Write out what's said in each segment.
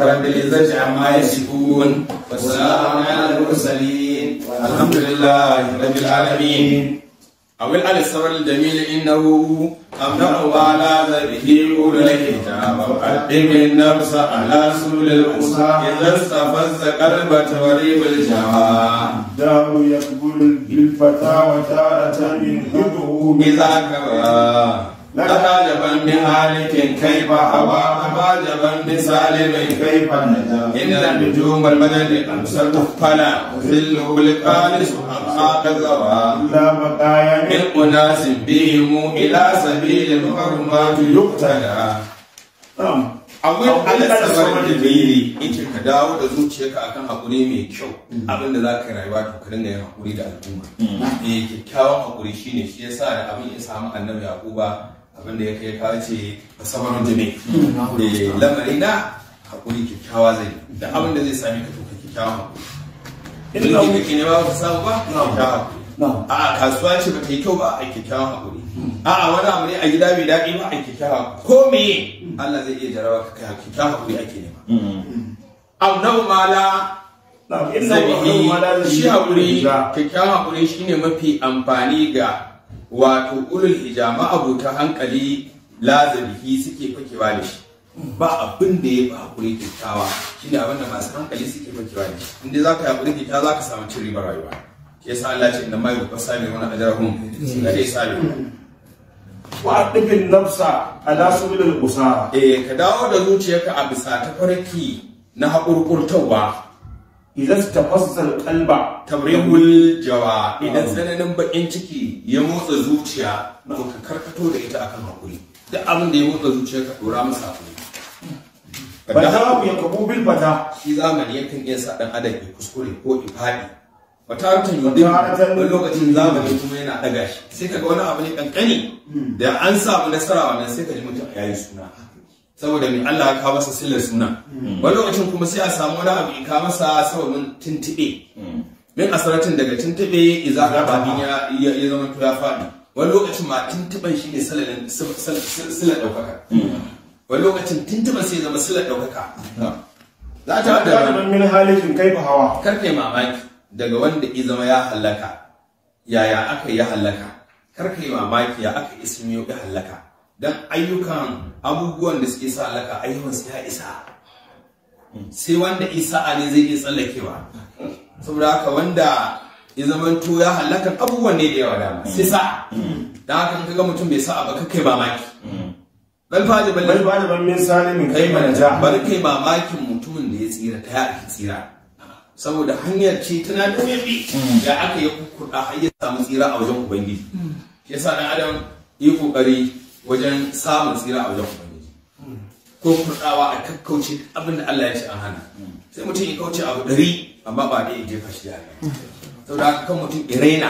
رب العزة عما يصفون والسلام على المرسلين الحمد لله رب العالمين أو الألسر الجميل إنه أمنع على ذبه أولي الكتاب وقدم النفس على سبل الأوصى إذا استفز قلب توريب الجواب داه يقبل بالفتى وتارة من هدوء بذاك لقد عجبا بهالك كيف هوى وعجبا بسالم كيف ان نجوم المدد امس المقبلة وفي الغلقان سبحان قدرا لا بقايا من اناس بهم الى سبيل المحرمات يقتلى abin Allah sabar da gairi ce ka dawo da zuciyarka akan hakuri mai kyau mm. abin da zaka rayuwa to ka dinga yin hakuri da al'umma mm. eh kyakkyawan hakuri shine shi yasa da abin ya samu annabi Yakuba abin da ya kai ka ce da sabarin jini eh, da lamari na hakuri kyakkyawa zai da abin da zai sami ka tuka kyakkyawa hakuri inda da kake ne ba ka samu ba kyakkyawa a'a kasuwa ce ba ta yi kyau ba a kyakkyawa hakuri hmm. a'a wani abu ne a gida mai daɗi ba a kyakkyawa ko meye hmm. Allah zai iya jarawa ka kai kyakkyawa hakuri ake nema hmm. abu na mala sabihi shi hakuri kyakkyawa hakuri shine mafi amfani ga wato ulul hijama abota hankali lazarihi suke fakewa da shi ba abin da ya ba hakuri kyakkyawa shi ne abinda masu hankali suke fakewa da shi inda za ka yi hakuri kyakkyawa za ka samu cin riba rayuwa ke sa Allah ce inna ma yuqas da ajrahum kada yasabiqu wa aqbil nafsa ala subil qusara eh ka dawo da zuciyarka a bisa ta farki na hakurkurtawa idan su fassal kalba tabrihul jawa idan tsananin bakin ciki ya motsa zuciya ka karkato da ita akan hakuri duk abin da ya motsa zuciya ka dora masa hakuri fata ya kabu bil fata shi zamani yakan iya sa dan adam ya kuskure ko ya fadi wata rutan yudin wani lokacin zamani kuma yana daga shi sai kaga wani abu ne kankani hmm. da an samu nasara wannan sai ka ji mutum yi suna saboda mai Allah ya kawo masa silar suna mm. wani lokacin kuma sai a samu wani abu ka masa sababin tuntuɓe min mm. asaratin daga tuntuɓe iza abin ya zama to ya faɗi wani lokacin ma tuntuɓen shi ne silar ɗaukaka mm. wani lokacin tuntuɓen sai zama silar ɗaukaka za ta da ban min halikin kai fa hawa karfe mamaki daga wanda ya zama ya hallaka yaya aka yi hallaka karfe mamaki ya aka ismiyo ya hallaka dan ayyukan abubuwan da suke sa alaka ayyukan su ya isa sai wanda isa ne zai iya tsallakewa saboda haka wanda ya zamanto ya halakan abubuwan ne da yawa dama sai sa dan haka kaga mutum bai sa ba kai mamaki bal faji bal faji ban min salimin kai manaja bar kai mamakin mutumin da ya tsira ta ya tsira saboda hanyar ce tana da yabi da aka yi kukuda har ya samu tsira a wajen ubangiji yasa dan adam yi kokari wajen samun tsira a wajen ubangiji ko kurɗawa a kakkauce abin da Allah ya ce an hana sai mutum ya kauce abu ɗari amma ba da ya jefa shi da aka kan mutum ya raina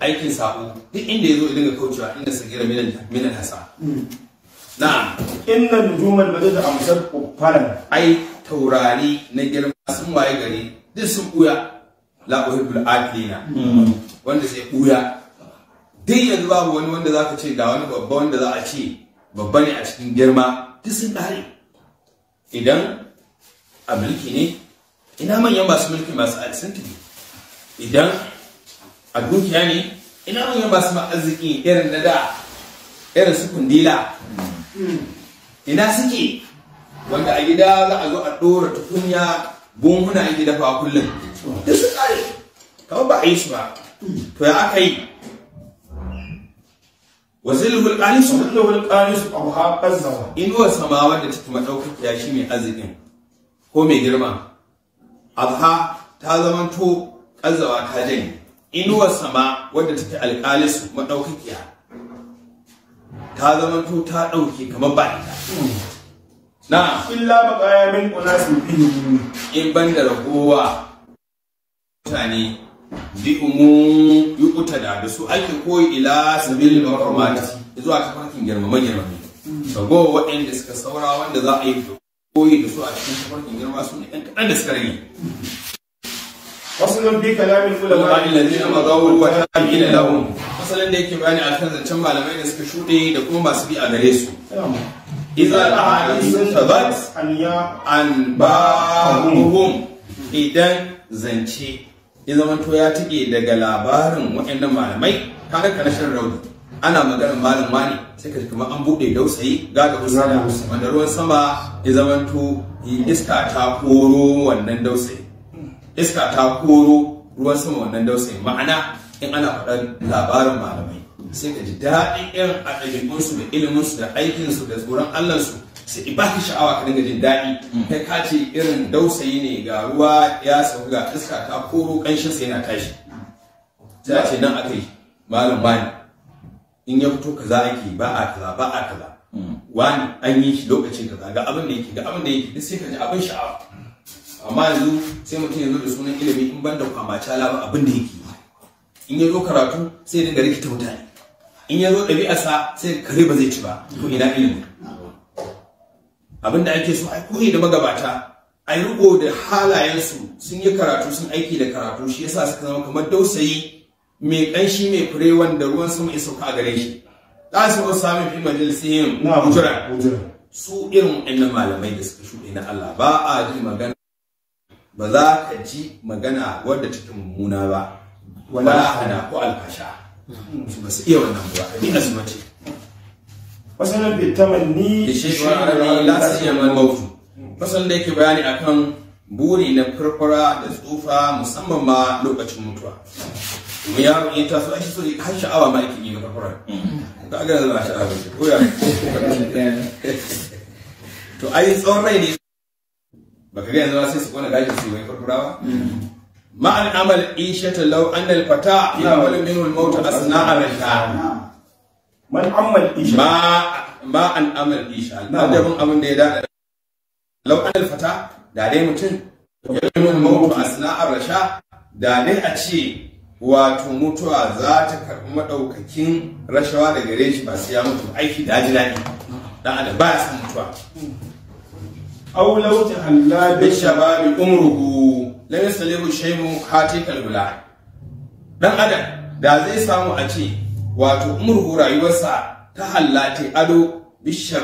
aikin sabo duk inda ya zo ya ga kaucewa inda sun gira minan hasa na'am inna nujumal madad amsar quffaran ai taurari na girma sun waye gari duk sun buya la uhibbul adlina hmm. wanda sai buya duk yanzu babu wani wanda za ka ce ga wani babba wanda za a ce babba ne a cikin girma duk sun ƙare idan a mulki ne ina manyan masu mulki masu alisanti ne idan a dukiya ne ina manyan masu ma'arziki irin na da irin su kundila ina suke wanda a gida za a zo a ɗora tukunya buhuna gida fa kullum duk sun ƙare kamar ba a yi su ba to ya aka yi wasilhu alqanis wasilhu alqanis abuha qazzawa inuwar sama wadda take madaukakiya shi mai arzikin ko mai girma abha ta zamanto qazzawa ta janye inuwar sama wadda take alqalis madaukakiya ta zamanto ta ɗauke kamar ba ita na illa ƙaya min unas in ban banda ragowa mutane umu yi kuta da su ake koyi ila da makamati zuwa tafarkin girmama girmama sago waɗanda suka saura wanda za a yi koyi da su a cikin farkin girma su ne ɗan kaɗan da suka rage nan bi kalamin kula ba illazi na ta yi tabi'ina lahum asalin da yake a akan zancen malamai da suka shuɗe da kuma masu bi a gare su da al sun tabbat an ba an idan zance ya zama to ya tike daga labarin waɗannan malamai kaga ka rashin rauni ana maganar malam wani sai ka kuma an buɗe dausayi ga ga usala wanda ruwan sama ya zama to iska ta koro wannan dausayi iska ta koro ruwan sama wannan dausayi ma'ana in ana faɗar labarin malamai sai ka ji daɗin irin a ɗabi'unsu da iliminsu da aikinsu da tsoron allahnsu sai baki sha'awa ka dinga jin daɗi mm. kai ka ce irin dausayi ne ga ruwa ya sauka ga iska ta koro kanshin sai yana tashi za a ce nan aka yi malam bani in ya fito kaza ake ba a kaza ba a kaza mm. wani an yi shi lokacin kaza ga abin da yake ga abin da yake duk sai ka ji abin sha'awa amma yanzu sai mutum ya zo da sunan ilimi in ban da kwamaci alama abin da yake in ya zo karatu sai dinga rikita mutane in ya zo ɗabi'arsa sai kare ba zai ci ba to ina ilimi Abin da ake so ai koyi da magabata ai rugo da su sun yi karatu sun aiki da karatu shi yasa suka zama kamar dausayi mai kanshi mai fure wanda ruwan sama ya sauka a gare shi da su ba samu fi majalisihim mujra su irin wa'annan malamai da suka shuɗe na Allah ba a ji magana ba za ka ji magana wadda take mummuna ba wala hana ko alfasha hmm. ba su iya wannan ba ni azuma fasalar bi tamanni shi la siyama al-maut da yake bayani akan buri na furfura da tsufa musamman ma lokacin mutuwa mu yaro in taso ake so har sha'awa ma yake yi na furfura mm. ka ga na sha'awa ko ya to ai tsawon rai ne baka ga yanzu sai su kona gashin su wai furfura ba mm. ma amal ishata law anna al fata ya wala minhu al maut asna'a al man ammal isha ma ma an amal isha na da mun abin da ya da law an fata da dai mutum ya mun mautu asna arasha da dai a ce wato mutuwa za ta karɓi maɗaukakin rashawa da gare shi ba sai ya mutu aiki da ji daɗi dan adam ba ya san mutuwa aw law tahalla bi shababi umruhu la yaslimu shay'un hatikal gula dan adam da zai samu a ce wato umurhu rayuwarsa ta hallate ado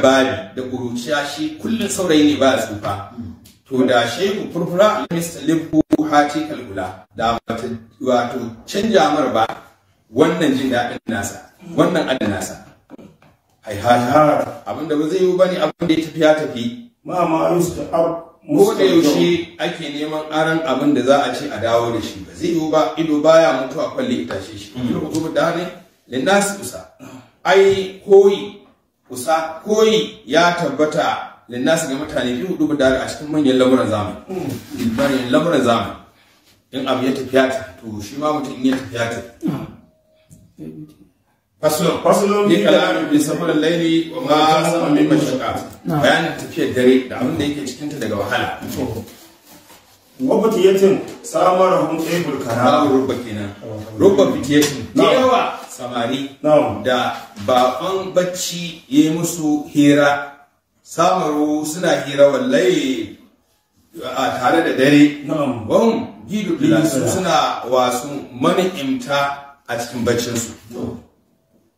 babi da ƙuruciya shi kullum saurayi ne ba tsufa to da shehu furfura mr libku hati kalkula da wato canja mar ba wannan jin daɗin nasa wannan adin nasa ai har abinda ba zai yi bane abin da ya tafi ya tafi ma ma yusta'ab ko da yaushe ake neman aran abin da za a ce a dawo da shi ba zai yi ba ido baya mutuwa kwalle itace shi ko mm. da ne linnasi kusa ai koyi kusa koyi ya tabbata linnasi ga mutane biyu dubu dare a cikin manyan lamuran zamani manyan lamuran zamani in abu ya tafiya ta to shi ma mutum in ya tafiya ta fasulun fasulun ni kalamin bi safarar laili wa ma sama min mashaka bayanin tafiyar dare da abin da yake cikinta daga wahala wabtiyatin samarahum ibul kana rubba kenan rubba fitiyatin yawa samari da baban bacci ya yi musu hira samaru suna hira wallahi a tare da dare wahum gidu su suna wasu mani'imta a cikin baccinsu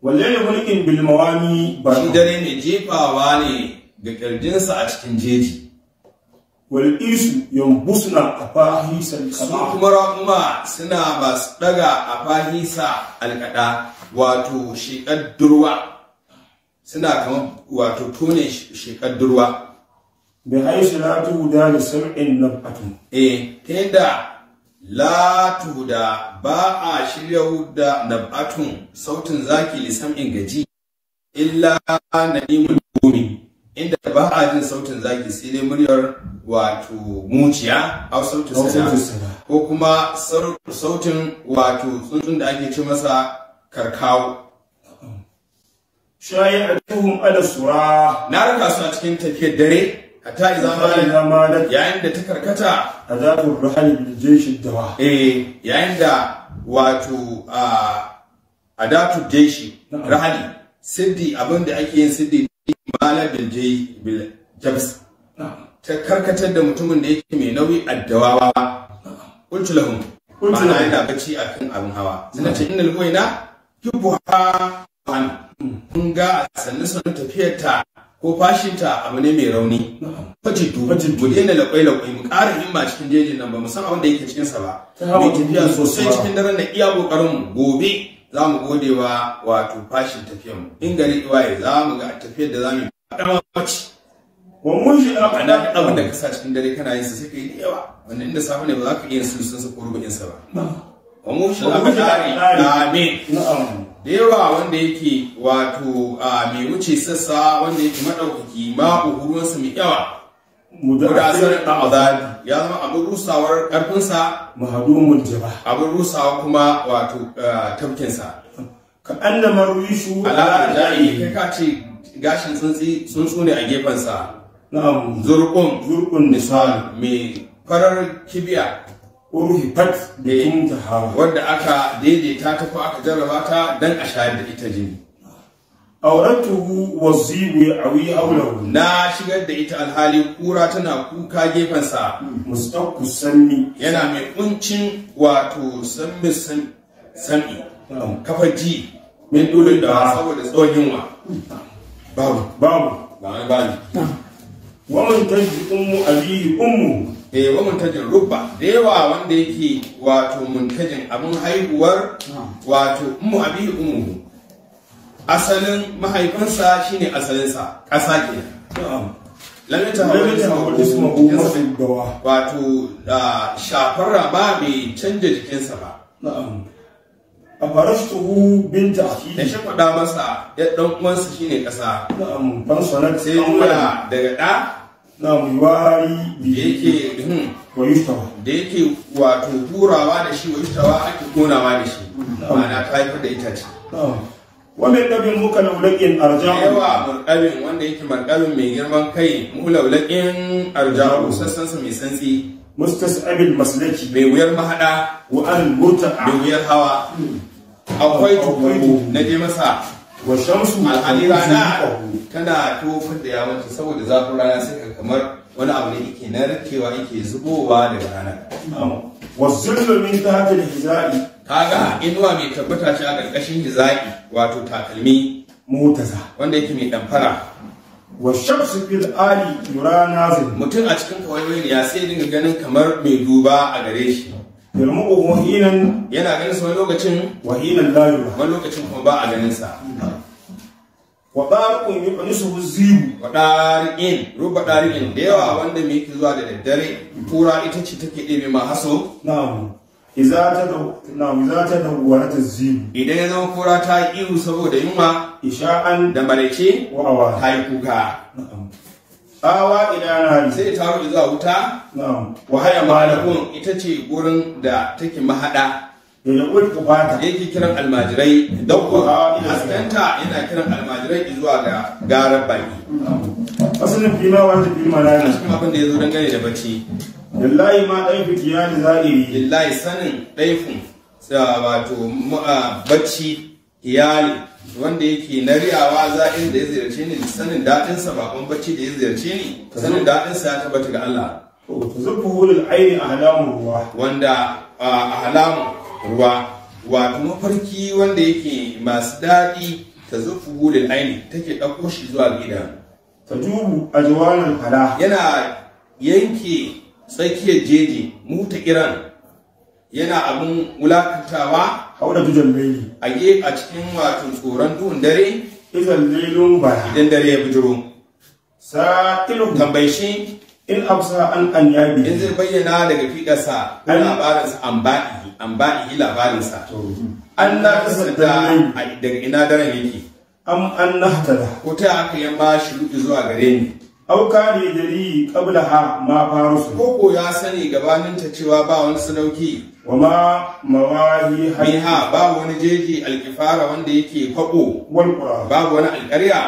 wallahi mulkin bil mawami ba shi dare ne jefawa ne ga kirjinsa a cikin jeji wal'isu yambusna a fahisa su kuma rahma suna masu daga a fahisa alkada wato shekar durwa suna kama wato tone shekar durwa bi haisu la tuhuda da sar'in nafatun eh ta yadda la tuhuda ba a shirya da nafatun sautin zaki lisam'in ingaji. illa na imun gomi inda ba a jin sautin zaki sai dai muryar wato muciya a sautin sana ko kuma sautin wato tsuntsun da ake ci masa karkawo a ala al'asura. na raka suna cikin tafiyar dare a ta yi zamanin yayin da ta karkata a azabur rahal bil jaysh dawa eh yayin da wato a ah, adatu Jeshi rahali siddi abinda ake yin siddi malamin jai bil jabs ta karkatar da mutumin da yake mai nauyi addawawa qultu lahum na yana bacci akan abin hawa suna ce innal huwaina yubuha kun ga sannan sanin tafiyar ta ko fashin ta abu ne mai rauni fajitu mu yana laƙwai laƙwai mu ƙara himma cikin jejin nan ba mu san abin da yake cikin sa ba mai tafiya sosai cikin daren na iya ƙoƙarin gobe za mu gode wa wato fashin tafiyar mu in gari iwaye za mu ga tafiyar da za mu faɗa mace wa mun shi a faɗa abin da ka sa cikin dare kana yin sa sai ka yi yawa wannan inda safe ne ba za ka iya su sun sa ko rubin sa ba wa mun shi a Na amin da yawa wanda yake wato a mai wuce sassa wanda yake maɗaukaki ma ruwansa mai yawa mudasar azabi ya zama abin rusawar karfinsa mahadumun jaba abin rusawa kuma wato eh, tafkinsa ka anna marwishu ala kai ka ce gashin tsuntsi tsuntsu ne a gefensa na'am zurqum zurqun nisal me farar kibiya urhi fat da wadda aka daidaita ta ko aka jarraba ta dan a shayar da ita jini auratuhu wa zibu ya awi haulahu na shigar da ita alhali kura tana kuka gefensa mustaqu sanni yana mai kuncin wato sanmi sanmi kafar ji min dole da saboda tsawon yunwa babu babu ba ba wa man tajji ummu abihi ummu eh wa tajji rubba da yawa wanda yake wato muntajin abin haihuwar wato ummu abihi ummu asalin mahaifinsa shine asalinsa ƙasa ke lamita hawa wato da shafar raba bai canja jikinsa ba a farastuhu bin ta'kidi da shafaɗa masa ya dan uwansa shine ƙasa na'am fansalat sai wala daga ɗa na wari da yake hmm, wa da yake wato hurawa da shi wa tawa ake gonawa da shi ma'ana ta haifar da itace wamin dabin muka laulaƙin arja'u yawa marƙalin wanda yake marƙalin mai girman kai mu laulakin arja'u sassan mai santsi mustas'abil maslaki mai wuyar mahaɗa. wa al murta'a mai wuyar hawa akwai tukunku na je masa wa shamsu alhali rana tana tofar da yawanci saboda zafin rana sai ka kamar wani abu ne yake narkewa yake zubowa daga rana wa zullu min tahtil hijabi kaga inuwa mai tabbata shi a ƙarƙashin hizaƙi wato takalmi mutaza wanda yake mai damfara wa shamsu fil ali yura nazil mutum a cikin kawaiwayi ya sai dinga ganin kamar mai duba a gare shi yarmu wahinan yana ganin sa wani lokacin wahinan layuwa. yura wani lokacin kuma ba a ganin sa wa darqun yuqnisuhu zibu wa darqin ruba darqin da yawa wanda me yake zuwa da daddare kura ita ce take ɗebe ma haso na'am ta idan ya zama kura ta iwu saboda yunwa isha'an da marece haikuka ta yi kuka tsawa ila sai ta rufe zuwa wuta wa haya malakun ita ce gurin da take mahada da ya ulka fata yake kiran almajirai dauko haskanta yana kiran almajirai zuwa ga garar fi asalin fima wanda fima na cikin abin da ya zo dangane da bacci lillahi ma ɗaifin ne za'iri lillahi sanin ɗaifin wato bacci iyali wanda yake na riyawa za'in da ya ziyarce ni sanin daɗinsa ba kuma bacci da ya ziyarce ni sanin sa ya tabbata ga Allah wurin aini ahlamu ruwa wanda ahlamu ruwa wato mafarki wanda yake masu daɗi ta wurin aini take ɗauko shi zuwa gida ta jubu ajwanan hala yana yanke tsakiyar jeji muta iran yana abin wulakantawa a wadda bujan meli a a cikin wato tsoron duhun dare idan lilun ba idan dare ya bujiro sa'ilu tambayi shi in amsa an an yabi in zai bayyana daga fikarsa labarinsa an ba'i an ba'i labarinsa an na kasanta daga ina daren yake am an nahtada ko ta aka yamma shi zuwa gare ni auka ne dari kabla ha ma faru su koko ya sani gabanin ta cewa ba wani sadauki wa ma mawahi haiha ba wani jeji alkifara wanda yake kwabo wal ba babu wani alƙarya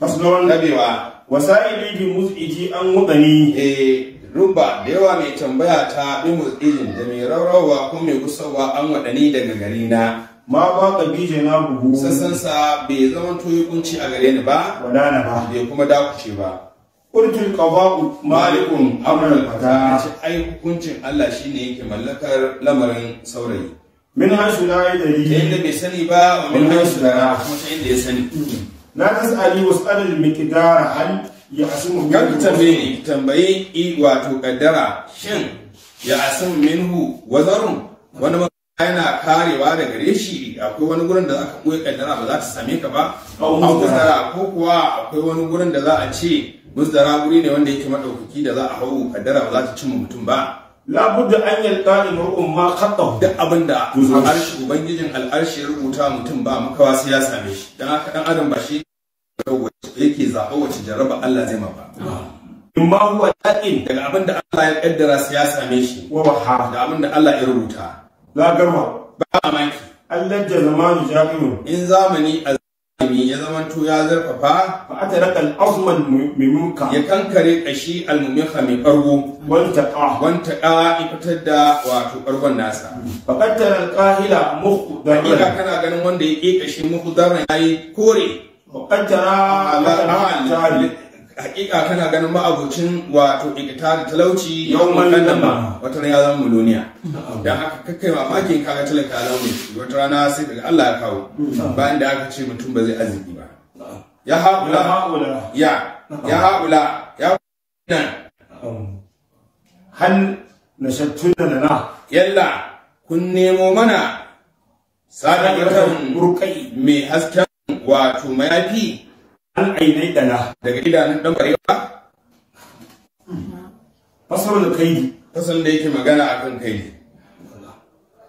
maslon dabewa wasa'ili bi muz'iji an mudani eh Ruba da yawa mai tambaya ta bi muz'ijin da mai raurawa ko mai gusawa an wadani daga garina ma ba ka bije na buhu sassansa bai zama to kunci a gare ni ba wadana ba bai kuma dakuce ba urjul qada'u malikun amrul fata ai hukuncin Allah shine yake mallakar lamarin saurayi min hasu la yadri inda bai sani ba wa min hasu na kuma sai inda ya sani Na la tas'ali was'al al-miqdar hal ya'sumu kan tambaye tambaye wato kaddara shin ya'sumu minhu wazarun wani yana karewa da gare shi akwai wani gurin da aka koya kaddara ba za ta same ka ba a muzdara ko kuwa akwai wani gurin da za a ce musdara guri ne wanda yake madaukaki da za a hau kaddara ba za ta cimma mutum ba labudda an yalqa imru'un ma khatahu duk abinda al'arshi ubangijin al'arshi ya rubuta mutum ba makawa sai ya same shi dan haka dan adam ba shi yake zaɓa wace jaraba Allah zai ba. in ma huwa daga abinda Allah ya kaddara sai ya same shi wa da abinda Allah ya rubuta lagarwa ba mamaki Allah da zamanu jami'u in zamani a zamani ya zamanto ya zarfafa fa ataraka al-azman mimunka ya kankare kashi al mai bargo wanta qa wanta qa ifatar da wato bargon nasa fa qattara al-qahila mukhdaran ila kana ganin wanda ya kashin mukhdaran yayi kore fa qattara al-qahila hakika kana ganin ma'abocin wato ikita da talauci yau wannan nan wata rana ya zama miloniya dan haka kakkai mamakin kaga talaka alamu wata rana sai daga Allah ya kawo bayan da aka ce mutum ba zai arziki ba ya haula ya ya haula ya nan hal nashattun na yalla kun nemo mana sadaqatan burqai mai hasken wato mayafi an dana daga idanun dan barewa fasalul kaidi fasal da yake magana akan kai? kaidi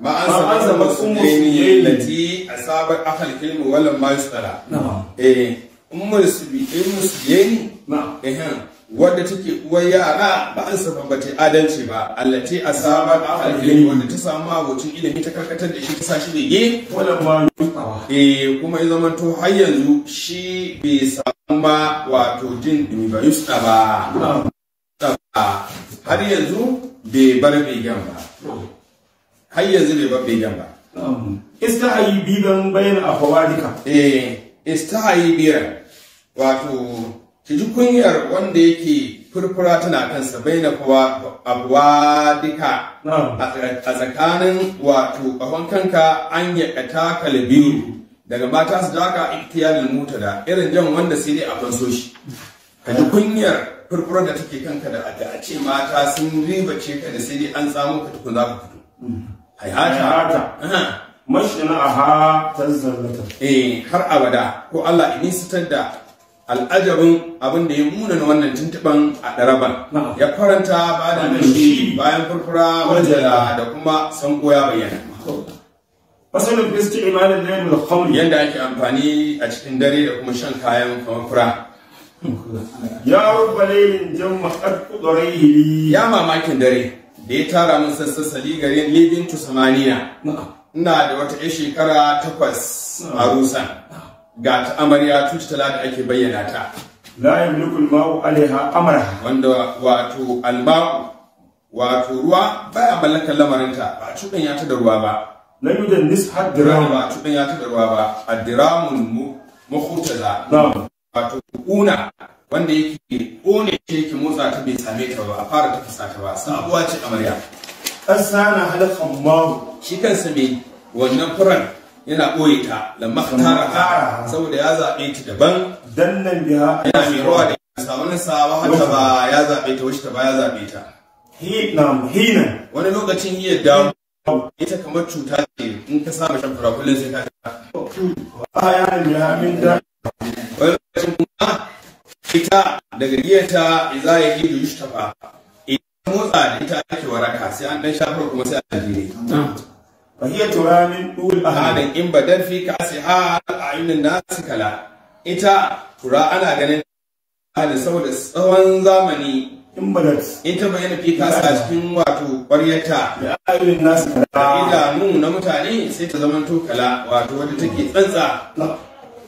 ma an sabata musulmi lati asabat akhal ilmi wala ma yusala eh ummul sibi ilmu siyani eh wadda take uwar yara ba an sabata ba ta adalci ba allati asabat akhal ilmi wanda ta samu abocin ilimi ta karkatar da shi ta sashi ne wala ma eh kuma ya zama to har yanzu shi bai samu ba wato jin dumi ba yusta ba har yanzu bai bar begen ba har yanzu bai bar begen ba istahayi biban bayan afawadika eh istahayi biyar wato ki ji kunyar wanda yake furfura tana kansa bai na kowa abuwa duka a tsakanin wato ƙahon kanka an yi taka biyu daga mata su daka iktiyarin mota da irin jan wanda sai dai a fanso shi ka ji kunyar furfura da take kanka da a ce mata sun ce ka da sai dai an samu ka tukun za ka fito hayata mashina aha tazzallata eh har abada ko Allah ini sitar da al'ajabin abin da ya muna na wannan tuntuban a ɗaraba ya faranta ba da nashi bayan furfura wajala da kuma san koya bayyana fasalin fiski imanin na yamul khawl yadda ake amfani a cikin dare da kuma shan kayan kwamfura. ya rubba lailin jan qad hili ya mamakin dare da ya tara min sassasali garin libin tusamaniya ina da wata shekara takwas a rusan ga ta amarya tutala da ake bayyana ta la yamliku al-ma'u alaiha amra wanda wato al-ma'u wato ruwa baya mallakar lamarinta ba cuɗanya ta da ruwa ba lam yudannis haddiram ba cuɗanya ta da ruwa ba addiramun mukhutaza wato una wanda yake kone ce yake motsa ta bai same ta ba a fara ta fusa ta ba sabuwa ce amarya asana halakan mahu shi kansa mai wannan furan yana ɓoye ta lamma tara saboda ya zaɓe ta daban dannan biya yana mai rawa da sabanin sawa hatta ba ya zaɓe ta wacce ta ba ya zaɓe ta hinam hinan wani lokacin iya dawo ita kamar cuta ce in ka samu shan fura kullum sai ka ta baya ya min da wani lokacin kuma ita daga giyata za ya yi yushtafa idan motsa da ita ake waraka sai an dan shafar kuma sai a jire فهي تراب طول أهل إن بدل في كأسها أعين الناس كلا إتا ترى أنا جنن أهل سود سوان زمني in ita bayyana fi kasa cikin wato ƙwaryarta da ayoyin na mutane sai ta zama to kala wato wadda take tsantsa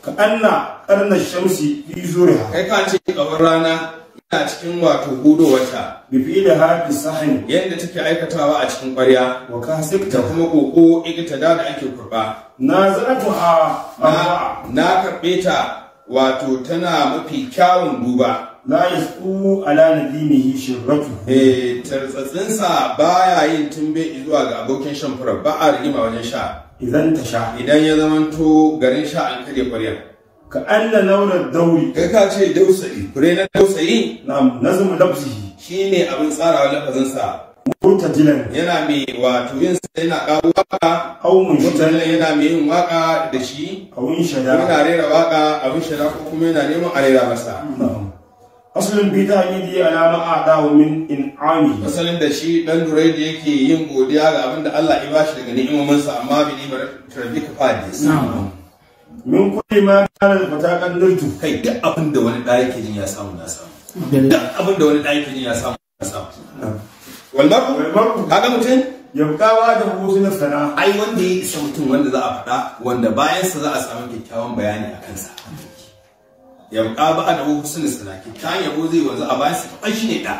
ka anna karnar shamsi fi zuriha kai ka ce kawar rana a cikin wato hudowarta bifila ha fi sahin yadda take aikatawa a cikin ƙwarya wa kasik ta kuma koko ikita da ake kurba na zatu a na karɓe ta wato tana mafi kyawun duba la yasu ala nadimihi shirratu eh ba baya yin tumbe zuwa ga abokin shan fura ba a rigima wajen sha idan ta sha idan ya zamanto garin sha an kare ƙwaryar ka anna launar dauri kai ka ce dausayi kure na dausayi na'am nazmu labzihi shine abin tsarawa lafazin sa mutajilan yana mai wato yin sa yana kawo waka au mutajilan yana mai yin waka da shi au shada yana rera waka abin shada ko kuma yana neman a rera masa asalin bita ta yi alama a dawo min in'ami asalin da shi dan durai da yake yin godiya ga abin da Allah ya bashi daga sa amma bi ni bar traffic fadis na'am Mun kulli ma kana da matakan nurtu kai duk abin da wani ɗaya ke jin ya samu na samu duk abin da wani ɗaya ke jin ya samu na samu wallahu kaga mutum yabkawa da husnul sana ai wanda ya isa mutum wanda za a faɗa wanda bayan sa za a samu kyakkyawan bayani a kansa yabka ba a da husnul sana kyakkyawan yabo zai wanzu a bayan sa kai shine da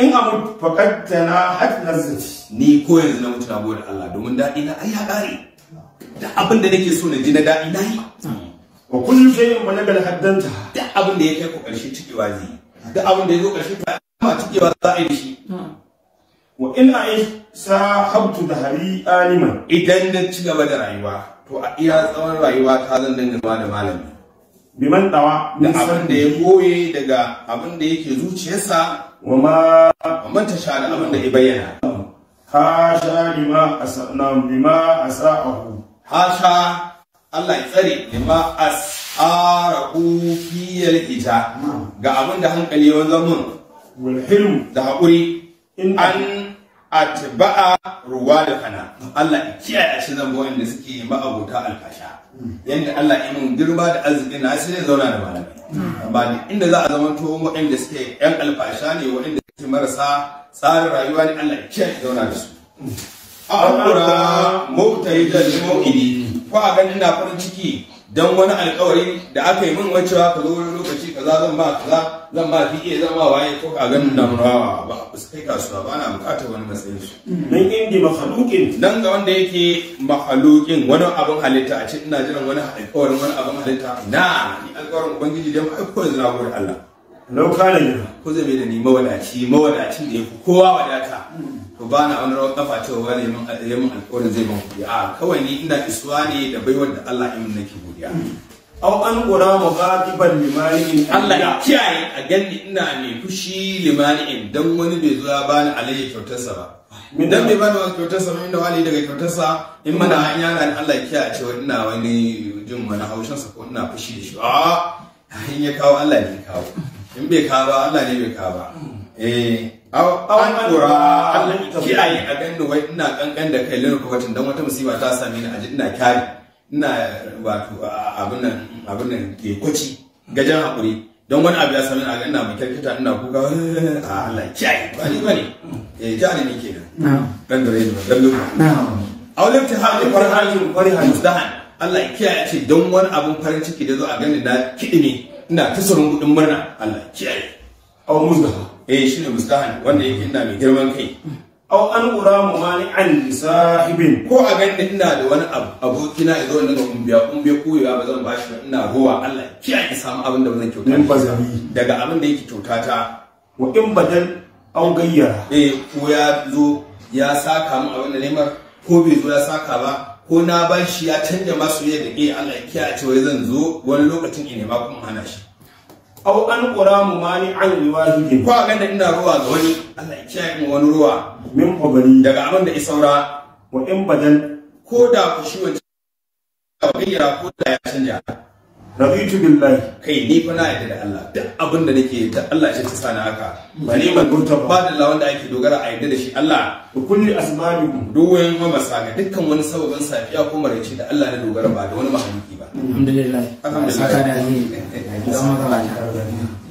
in abu na tana na nazati ni ko yanzu na mutu na gode Allah domin daɗi na ai ya ƙare da abin da nake so na ji na daɗi na yi wa kullum sai in balagal haddanta da abin da ya kai ku ƙarshe cikewa zai da abin da ya zo ƙarshe ta ma cikewa za a yi shi wa in a yi sahabtu da hari aliman idan na ci gaba da rayuwa to a iya tsawon rayuwa ta zan dinga da malami man dawa da abin da ya goye daga abin da yake zuciyarsa wa ma manta sha da abin da ya bayyana ha sha bima asa bima asa'ahu hasha Allah ya tsare limma fi al hija ga abin da hankali ya wanzan mun wal hilm da in an atba'a ruwa da kana Allah ya kiyaye shi zan ga wanda suke ma'abota alfasha mm. yanda Allah ya mun girba da arziki na ne zauna da malami amma inda za a zama to waɗanda suke yan alfasha ne waɗanda suke marasa tsarin rayuwa ne Allah ya kiyaye zauna da su mm. amura mautai da mau'idi ko a ganin na farin ciki dan wani alkawari da aka yi min wancewa ka zo wani lokaci kaza zan ba kaza zan ba fiye zan ba waye ko a ganin na murawa ba a kai kasuwa ba ana bukatar wani matsayin shi. dan inda mahalukin. dan ga wanda yake mahalukin wani abin halitta a ce ina jiran wani alkawarin wani abin halitta na ni alkawarin ubangiji da ai ko yanzu gode Allah lau kana ko zai bai da ni mawadaci mawadacin da yake kowa wadata ku ba na wani rawar kafa cewa ya mun alkawarin zai ban kudi a kawai ni ina isuwa ne da baiwar da Allah ya in nake godiya aw an qura muqaqiban limani'in Allah ya kiyaye a ganni ina mai fushi limani'in dan wani bai zo ya bani alayya kyautarsa ba min dan bai bani kyautarsa ba inda wani daga kyautarsa in mana an yana ni Allah ya kiyaye cewa ina wani jin wani haushin sa ko ina fushi da shi a in ya kawo Allah ne ya kawo in bai kawo ba Allah ne bai kawo ba eh an kura kiyaye a ganda wai ina kankan da kai lura kwacin don wata musiba ta same ni a ji ina kyari ina wato abin nan abin nan ke kwaci gajen don wani abu ya a mai kyarkita ina kuka eh, a Allah kiyaye eh ne ke nan dan da rai dan lura ta hali Allah kiyaye ce don wani abin farin ciki da zo a gani na kiɗi ne ina ta gudun murna Allah kiyaye eh ne mustahan wanda yake ina mai girman kai aw an ma ni an sahibin ko a ganin ina da wani aboki na yazo inda ga biya kun biya ba zan bashi ina ruwa Allah ki a ki samu abin da zan kyauta daga abin da yake kyauta ta wa in badal aw gayyara eh ko ya zo ya saka min abin da neman ko bai zo ya saka ba ko na bashi ya canja masu da ke Allah ya ce wai zan zo wani lokacin in nema kuma hana shi aw an mu mani an liwahidin ko ga da ina ruwa ga wani Allah ya kiyaye mu wani ruwa min qabri daga abin da isaura wa in badan ko da ku shi wancan ko da ya canja Rabitu billahi. Kai ni fa na yadda da Allah. Duk abin da nake ta Allah shi ta sani haka. Ba man gurta ba. da Allah wanda ake dogara a yadda da shi Allah. Ku kulli asbabi. Duk wayan mamasa ga dukkan wani sababin safiya ko maraice da Allah na dogara ba da wani mahaliki ba. Alhamdulillah. Alhamdulillah. ni